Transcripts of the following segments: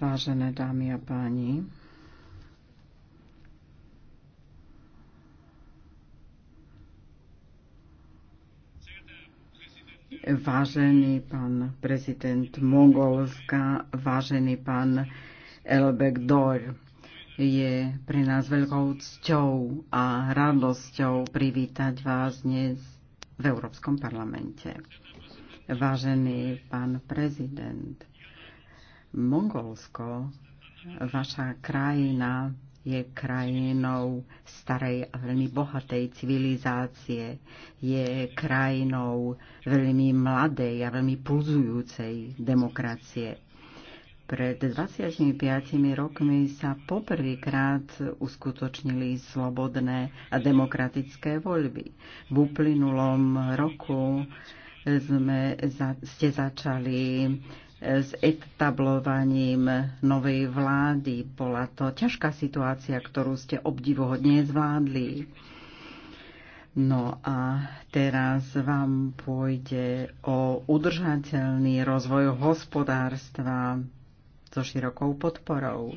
Vážené dámy a páni, vážený pán prezident Mongolska, vážený pán Elbek Dor. Je pre nás veľkou cťou a radosťou privítať vás dnes v Európskom parlamente. Vážený pán prezident, Mongolsko, vaša krajina je krajinou starej a veľmi bohatej civilizácie, je krajinou veľmi mladej a veľmi pulzujúcej demokracie. Pred 25 rokmi sa poprvýkrát uskutočnili slobodné a demokratické voľby. V uplynulom roku sme, za, ste začali s etablovaním novej vlády. Bola to ťažká situácia, ktorú ste obdivuhodne zvládli. No a teraz vám pôjde o udržateľný rozvoj hospodárstva so širokou podporou.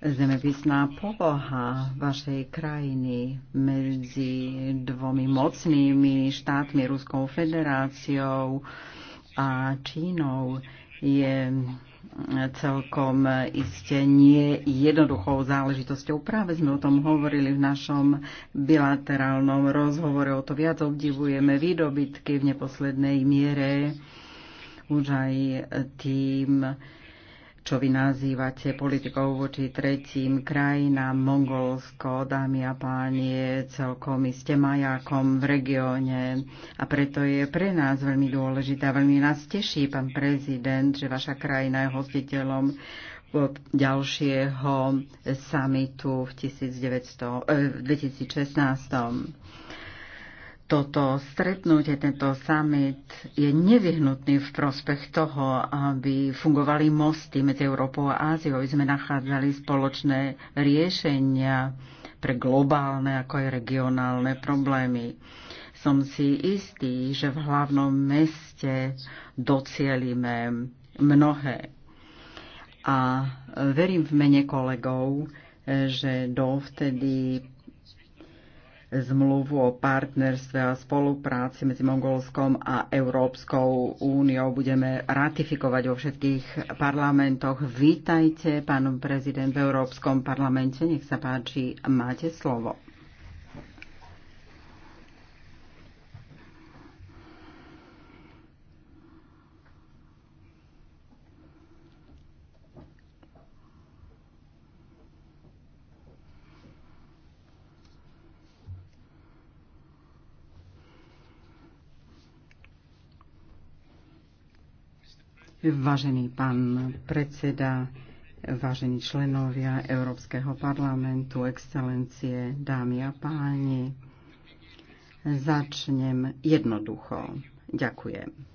Zemepisná poloha vašej krajiny medzi dvomi mocnými štátmi, Ruskou federáciou, a Čínou je celkom iste nie jednoduchou záležitosťou. Práve sme o tom hovorili v našom bilaterálnom rozhovore. O to viac obdivujeme výdobytky v neposlednej miere už aj tým, čo vy nazývate politikou voči tretím krajinám, Mongolsko, dámy a páni, je celkom iste majákom v regióne. A preto je pre nás veľmi dôležité a veľmi nás teší, pán prezident, že vaša krajina je hostiteľom ďalšieho samitu v 1900, eh, 2016 toto stretnutie, tento summit je nevyhnutný v prospech toho, aby fungovali mosty medzi Európou a Áziou, aby sme nachádzali spoločné riešenia pre globálne ako aj regionálne problémy. Som si istý, že v hlavnom meste docielime mnohé. A verím v mene kolegov, že dovtedy zmluvu o partnerstve a spolupráci medzi Mongolskom a Európskou úniou. Budeme ratifikovať vo všetkých parlamentoch. Vítajte, pán prezident, v Európskom parlamente. Nech sa páči, máte slovo. Vážený pán predseda, vážení členovia Európskeho parlamentu, excelencie, dámy a páni, začnem jednoducho. Ďakujem.